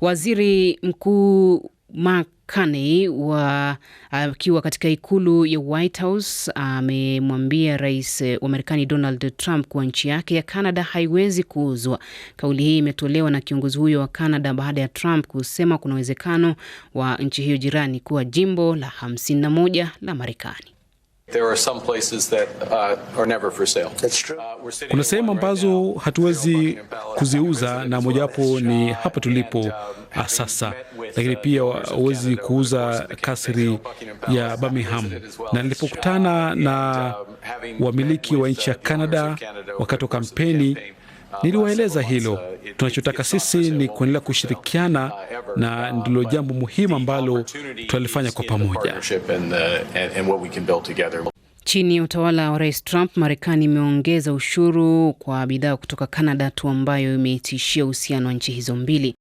Waziri Mkuu Mark wa akiwa katika ikulu ya White House amemwambia rais wa Marekani Donald Trump kuwa nchi yake ya Canada haiwezi kuuzwa. Kauli hii imetolewa na kiongozi huyo wa Canada baada ya Trump kusema kuna uwezekano wa nchi hiyo jirani kuwa jimbo la 51 la Marekani. Uh, uh, Kuna sehemu ambazo hatuwezi kuziuza na mojawapo ni uh, hapa tulipo um, sasa, lakini pia huwezi kuuza kasri ya Birmingham. Na nilipokutana na um, wamiliki wa nchi ya Canada wakati wa kampeni Niliwaeleza hilo. Tunachotaka sisi ni kuendelea kushirikiana, na ndilo jambo muhimu ambalo tunalifanya kwa pamoja. Chini ya utawala wa Rais Trump, Marekani imeongeza ushuru kwa bidhaa kutoka Canada, tu, ambayo imetishia uhusiano wa nchi hizo mbili.